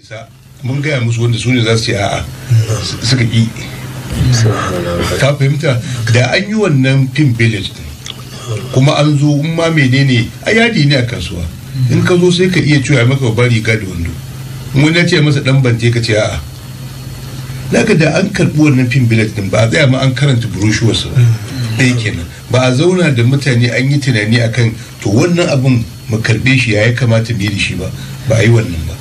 isa mun gaya musu wanda su ne za su yi a'a suka yi ta fahimta da an yi wannan fim village kuma an zo in ma menene a yadi ne a kasuwa in ka zo sai ka iya cewa maka bari ga da wando wani ya ce masa dan bance ka ce a'a daga da an karɓi wannan fim village din ba a tsaya ma an karanta broshuwarsa ba kenan ba a zauna da mutane an yi tunani akan to wannan abin mu karɓe shi ya ya kamata mu yi da shi ba ba a yi wannan ba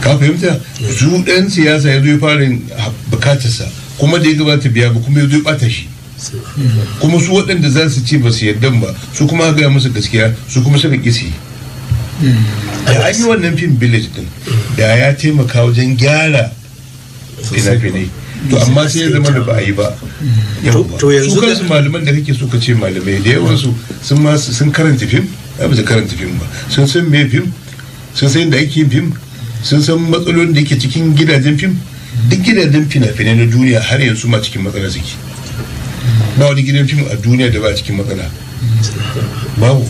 ka fahimta su ɗan siyasa ya zo fara bukatarsa kuma da ya gabata biya ba kuma ya zo bata shi kuma su waɗanda za su ci ba su yarda ba su kuma ga musu gaskiya su kuma suka ƙisi. da an yi wannan fim village din da ya taimaka wajen gyara fina-finai to amma sai ya zama da ba a yi ba su kansu malaman da kake so ka ce malamai da yawansu sun karanta fim ba su karanta fim ba sun san me fim sun san da ake fim sun san matsalolin da ke cikin gidajen fim duk gidajen fina-finai na duniya har yanzu ma cikin matsala suke ba wani gidan fim a duniya da ba cikin matsala babu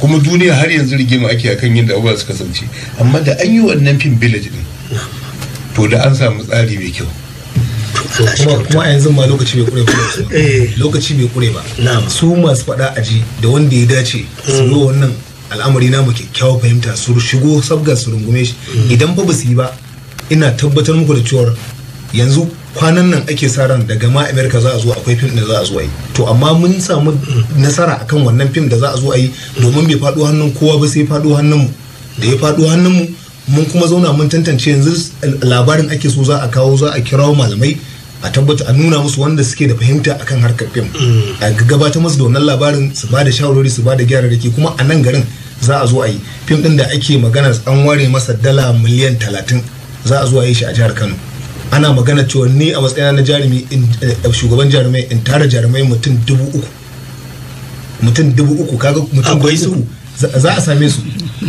kuma duniya har yanzu rigima ake akan da abubuwa su kasance amma da an yi wannan fim village din to da an samu tsari mai kyau kuma yanzu ma lokaci bai kure ba eh. lokaci bai kure ba su masu fada aji da wanda ya dace su yi wannan al'amari na mu kyakkyawa fahimta su shigo sabgar su rungume shi idan ba su yi ba ina tabbatar muku da cewa yanzu kwanan nan ake sa ran daga ma america za a zo akwai fim da za a zo yi to amma mun samu nasara akan wannan fim da za a zo a yi domin bai faɗo hannun kowa ba sai faɗo hannun mu da ya faɗo hannun mu mun kuma zauna mun tantance yanzu labarin ake so za a kawo za a kirawo malamai a tabbata a nuna musu wanda suke da fahimta akan harkar fim mm. a gabatar musu da wannan labarin su ba da shawarwari su ba da gyararraki kuma a nan garin za a zo a yi fim din da ake maganar an ware masa dala miliyan talatin za a zo a yi shi a jihar kano ana magana cewa ni a matsayina na jarumi eh, shugaban jarumai in tara jarumai mutum dubu uku mutum dubu uku kaga mutum akwai su za a same su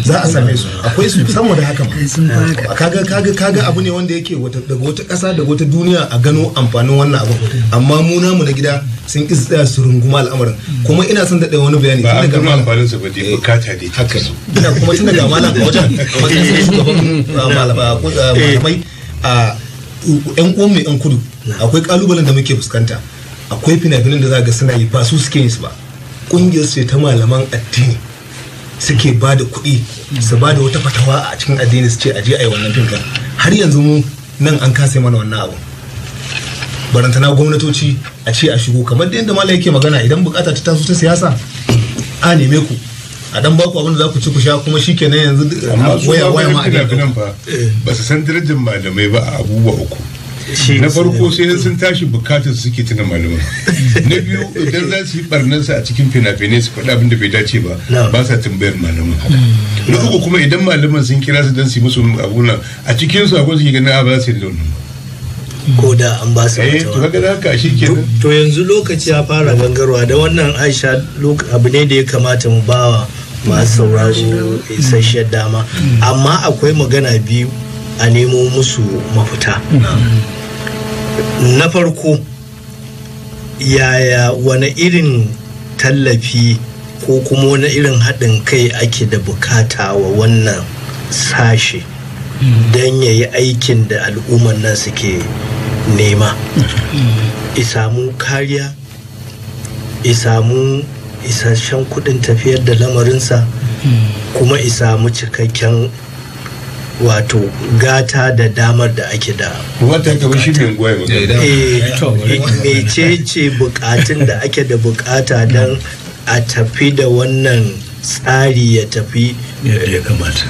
za a same su akwai su saboda haka kaga kaga kaga abu ne wanda yake daga wata ƙasa daga wata duniya a gano amfanin wannan abu amma mu namu na gida sun ƙi tsaya su runguma al'amarin kuma ina son daɗe wani bayani ba a gano amfanin su bane eh, bukata ne haka ina kuma tun daga malam a wajen matsayin shugaban eh. malamai a yan uwan mai yan kudu akwai kalubalen da muke fuskanta akwai fina-finan da za ga suna yi ba su suke yi su ba ƙungiyar su ta malaman addini suke ba da kuɗi su ba da wata fatawa a cikin addini su ce a je a yi wannan fim ɗin har yanzu mu nan an kasa mana wannan abu barantana gwamnatoci a ce a shigo kamar da yadda mala yake magana idan bukata ta taso ta siyasa a neme ku a dan baku abin da za ku ci ku sha kuma shi kenan yanzu waya waya ma a eh. ba su san darajar malamai ba a abubuwa uku na farko sai sun tashi bukatar suke tuna malama na biyu idan za su yi barnarsa a cikin fina-finai su faɗa abin da bai dace ba ba sa tambayar malama hmm. na uku kuma idan malaman sun kira su don su yi musu abuna a cikin su akwai suke ganin abu ah, ba su yi da wannan ko da an ba su eh, to yanzu lokaci ya fara gangarwa da wannan aisha abu ne da ya kamata mu bawa masu sauraro isasshen dama hmm. amma akwai magana biyu a nemo musu mafita na farko yaya wani irin tallafi ko kuma wani irin haɗin kai ake da bukata wa wannan sashe don ya yi aikin da al'umman nan suke nema isamu kariya isamu isasshen kudin tafiyar da lamarinsa kuma isamu cikakken wato gata da damar da ake da wata kama shi eh, eh, eh, ne ce mecece bukatun da ake da bukata don a tafi da wannan tsari ya tafi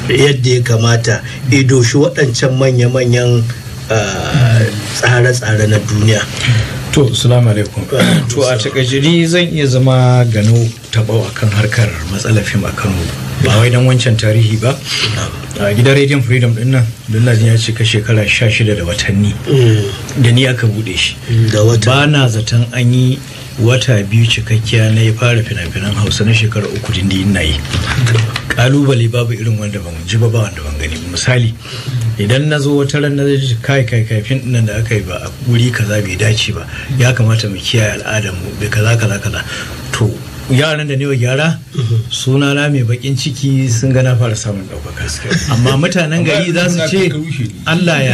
yadda ya kamata ido shi waɗancan manya-manyan ah, tsare-tsare na duniya to salamu alaikum to a takajiri zan iya zama gano taɓawa kan harkar matsalafin a kano ba wai dan wancan tarihi ba a gidan rediyon freedom din nan don na ya cika shekara 16 da watanni mm. da ni aka bude shi ba na zaton an yi wata biyu cikakkiya na ya fara fina-finan hausa na shekara uku dindi na yi kalubale babu irin wanda ban ji ba wanda ban gani misali idan na zo wata ran na zai kai kai kafin nan da aka yi ba a wuri kaza bai dace ba ya kamata mu kiyaye al'adar mu bai kaza kaza kaza to yaran da ne wa gyara suna na mai bakin ciki sun ga na fara samun ɗaukaka amma mutanen gari za su ce Allah ya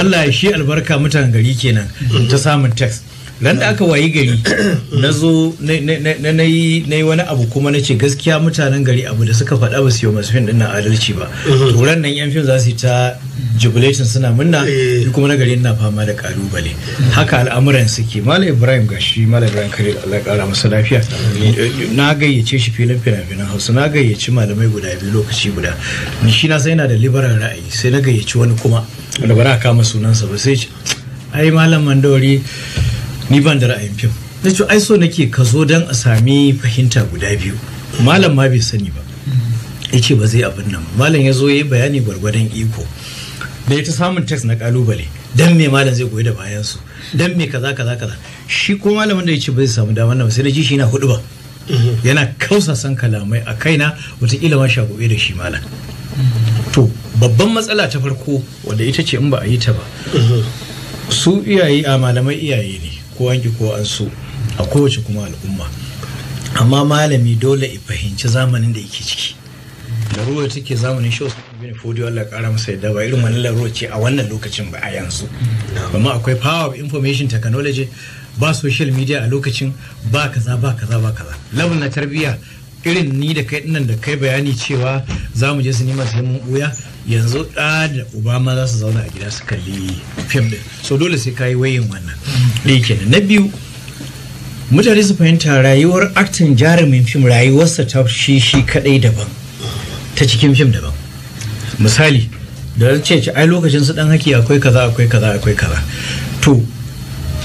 Allah ya shi albarka mutanen gari kenan ta samun text ran da aka wayi gari na zo na yi wani abu kuma na ce gaskiya mutanen gari abu da suka faɗa ba su yi masu fim fin na adalci ba mhm. turan nan yan fim za su yi ta jubilation suna munna eh. kuma na gari na fama da kalubale haka al'amuran suke mala ibrahim ga shi mala ibrahim kare allah kara masa lafiya eh, eh, na gayyace shi filin fina hausa na gayyace malamai guda biyu lokaci guda shi na sai na da liberal ra'ayi sai na gayyaci wani kuma wanda ba na kama sunansa ba sai ai malam mandori ni ban da ra'ayin fim na ce ai so nake ka zo don a sami fahimta guda biyu malam ma bai sani ba ya ce ba zai abin nan malam ya zo ya yi bayani gwargwadon iko da ya ta samun text na kalubale dan me malam zai goyi da bayan su dan me kaza kaza kaza shi ko malamin da ya ce ba zai samu damar nan sai na ji shi na hudu ba yana kausasan kalamai a kaina wataƙila ma shagobe da shi malam to babban matsala ta farko wanda ita ce in ba a yi ta ba su iyaye a malamai iyaye ne ko wanki ko an so a kowace kuma al'umma amma malami dole ya fahimci zamanin da yake ciki ruwa take zamanin shi wasu bin fodiyo Allah kara masa yadda ba irin wani laruwa ce a wannan lokacin ba a yanzu amma akwai power of information technology ba social media a lokacin ba kaza ba kaza ba kaza labin na tarbiyya irin ni da kai dinnan da kai bayani cewa za mu je sinima sai mun buya yanzu ɗa da uba za su zauna a gida su kalli fim din so dole sai yi wayin wannan da mm. na biyu mutane su fahimta rayuwar aktin jarumin fim rayuwarsa ta shi shi kadai daban ta cikin fim daban misali da ce ce ai lokacin su dan haki akwai kaza akwai kaza akwai kaza to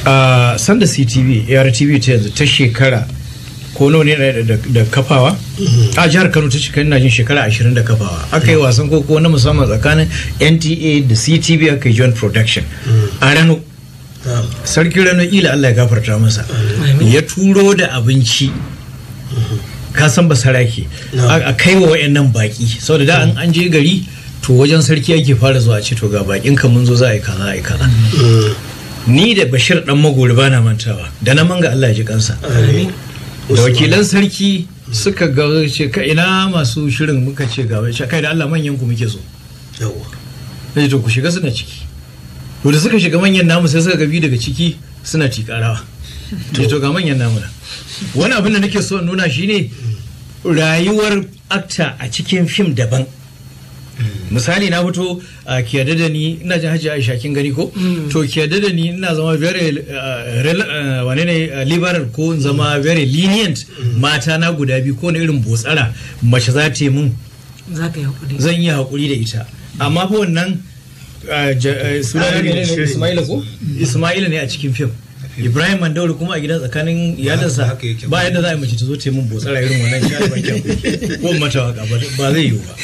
a sanda ctv artv ta yanzu ta shekara ko nawa ne da kafawa mhm. a jihar kano ta cika ina jin shekara ashirin da kafawa aka yi wasan koko na musamman tsakanin nta da ctv aka yi joint production mhm. a rano ah. sarki rano ila allah ya gafarta masa ya turo da abinci mhm. ka san ba saraki a kai wa wayannan baki saboda da an je gari to wajen sarki ake fara zuwa ce to ga bakin ka mun zo za a yi kaza a yi kaza ni da bashir dan magori bana mantawa da na manga Allah ya ji kansa da wakilan sarki suka ga ce ka ina masu shirin muka ce ga wai kai da Allah manyan ku muke so yawa sai to ku shiga suna ciki to da suka shiga manyan namu sai suka gabi daga ciki suna tikarawa to to ga manyan namu na wani abin da nake so in nuna shine hmm. rayuwar akta a cikin fim daban misali na fito a ki da ni ina jin hajji aisha kin gani ko mm. to kiyade da ni ina zama very uh, uh, wane ne uh, liberal ko zama mm. very lenient mm. mata na guda biyu ko na irin botsara mace za ta yi mun zan yi hakuri da ita amma fa wannan Ismaila ne a cikin fim. ibrahim mandauri kuma a gida tsakanin iyalinsa ba yadda za a mace ta zo ta yi min botsara irin wannan shi ban ko mata waka ba zai yiwu ba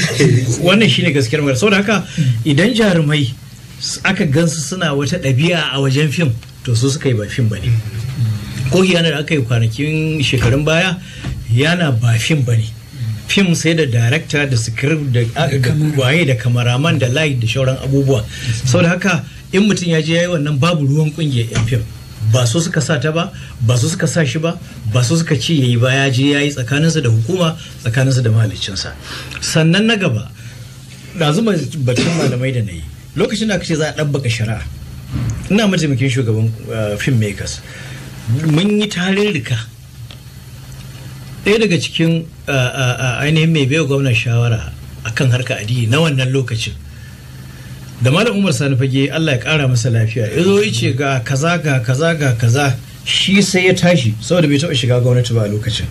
wannan shine gaskiyar magana saboda haka idan jarumai aka gansu suna wata ɗabi'a a wajen fim to su suka yi ba fim ba ko yana da aka yi kwanakin shekarun baya yana ba fim bane fim sai da director da script da waye da kamaraman da light da shauran abubuwa saboda haka in mutum ya je ya yi wannan babu ruwan kungiyar yan fim ba su suka sa ta ba ba su suka sa shi ba ba su suka ce yayi ba ya je yayi tsakaninsa da hukuma tsakaninsa da mahaliccinsa sannan na gaba ɗazu batun malamai da na yi lokacin da aka ce za a ɗabbaka shari'a ina mataimakin shugaban eh, film makers mun yi tarurruka ɗaya daga cikin eh, eh, ainihin mai baiwa gwamnan shawara akan harka addini na wannan lokacin da malam umar sani fage allah ya kara masa lafiya ya zo ya ce ga kaza ga kaza ga kaza shi sai ya tashi saboda bai taɓa shiga gwamnati ba a lokacin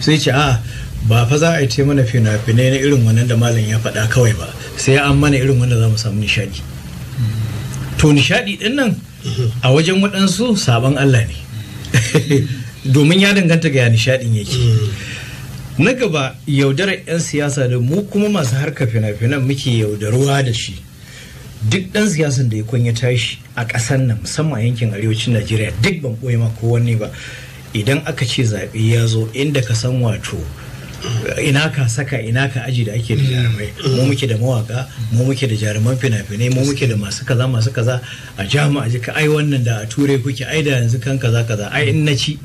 sai ce a ba fa za a yi ta mana fina-finai na irin wannan da malam ya faɗa kawai ba sai an mana irin wanda za mu samu nishadi to nishaɗi din nan a wajen waɗansu sabon allah ne domin ya danganta ga ya nishadin yake na gaba yaudarar 'yan siyasa da mu kuma masu harka fina-finan muke yaudaruwa da shi duk dan siyasan da ya kunya tashi a ƙasar nan musamman yankin arewacin najeriya duk ban ɓoye ma kowanne ba idan aka ce zaɓe ya zo inda ka san wato ina ka saka ina ka aji da ake da jarumai mu muke da mawaka mu muke da jaruman fina-finai mu muke da masu kaza masu kaza a jami'a ji ka ai wannan da a ture kuke ai da yanzu kan kaza kaza ai in na ci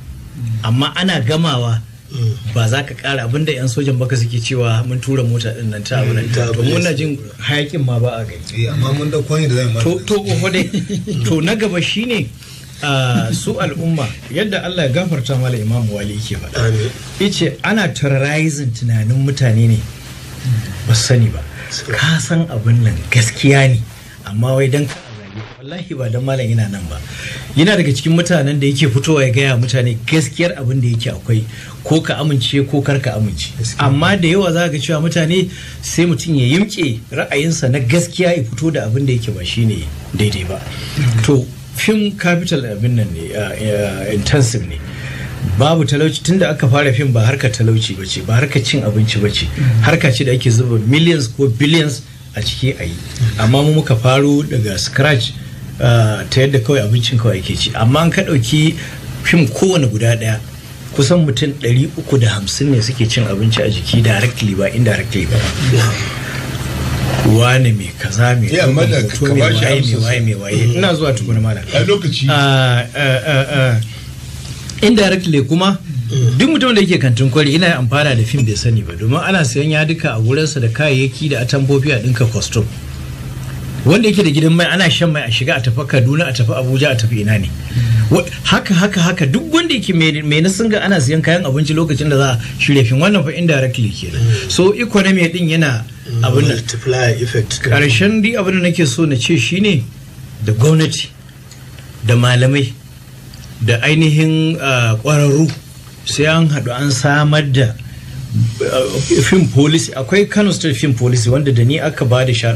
amma ana gamawa ba za ka kara abinda yan sojan baka suke cewa mun tura mota din nan ta mm, abin to na jin hayakin ma ba a gani eh, amma mun da kwani da zai ma to ko dai, to na gaba shine su al'umma yadda Allah ya gafarta mala imamu Wali yake faɗa yace ana terrorizing tunanin mutane ne ba sani ba ka san abin nan gaskiya ne amma wai dan wallahi ba dan malam yana nan ba yana daga cikin mutanen da yake fitowa ya gaya mutane gaskiyar abin da yake akwai ko ka amince ko kar ka amince amma da yawa za ga cewa mutane sai mutum ya yimke ra'ayinsa na gaskiya ya fito da abin da yake ba shine daidai ba to fim capital abin nan ne intensive ne babu talauci tunda aka fara fim ba harka talauci ba ce ba harka cin abinci ba ce mm-hmm. harka ce da ake zuba millions ko billions a ciki a yi mm-hmm. amma mu muka faro daga scratch ta yadda kawai abincin kawai ke ci amma an ka ɗauki fim kowane guda ɗaya kusan mutum 350 ne suke cin abinci a jiki directly ba indirectly ba wane mai kaza mai kuma da waye mai waye mai waye ina zuwa tukuna mana a lokaci indirectly kuma duk mutum da yake kantin kwari ina amfana da fim bai sani ba domin ana sayan duka a wurinsa da kayayyaki da atambobi a ɗinka costume wanda yake da gidan mai ana shan mai a shiga a tafi kaduna a tafi abuja a tafi ina ne haka haka haka duk wanda yake mai na sun ga ana siyan kayan abinci lokacin da za a shirya fin wannan fa indirectly kenan so economy din yana abin multiplier effect karshen di abin da nake so na ce shine da gwamnati da malamai da ainihin kwararru ah, sai an haɗu an samar da ah, fim policy akwai kano state film policy wanda da ni aka ba da sha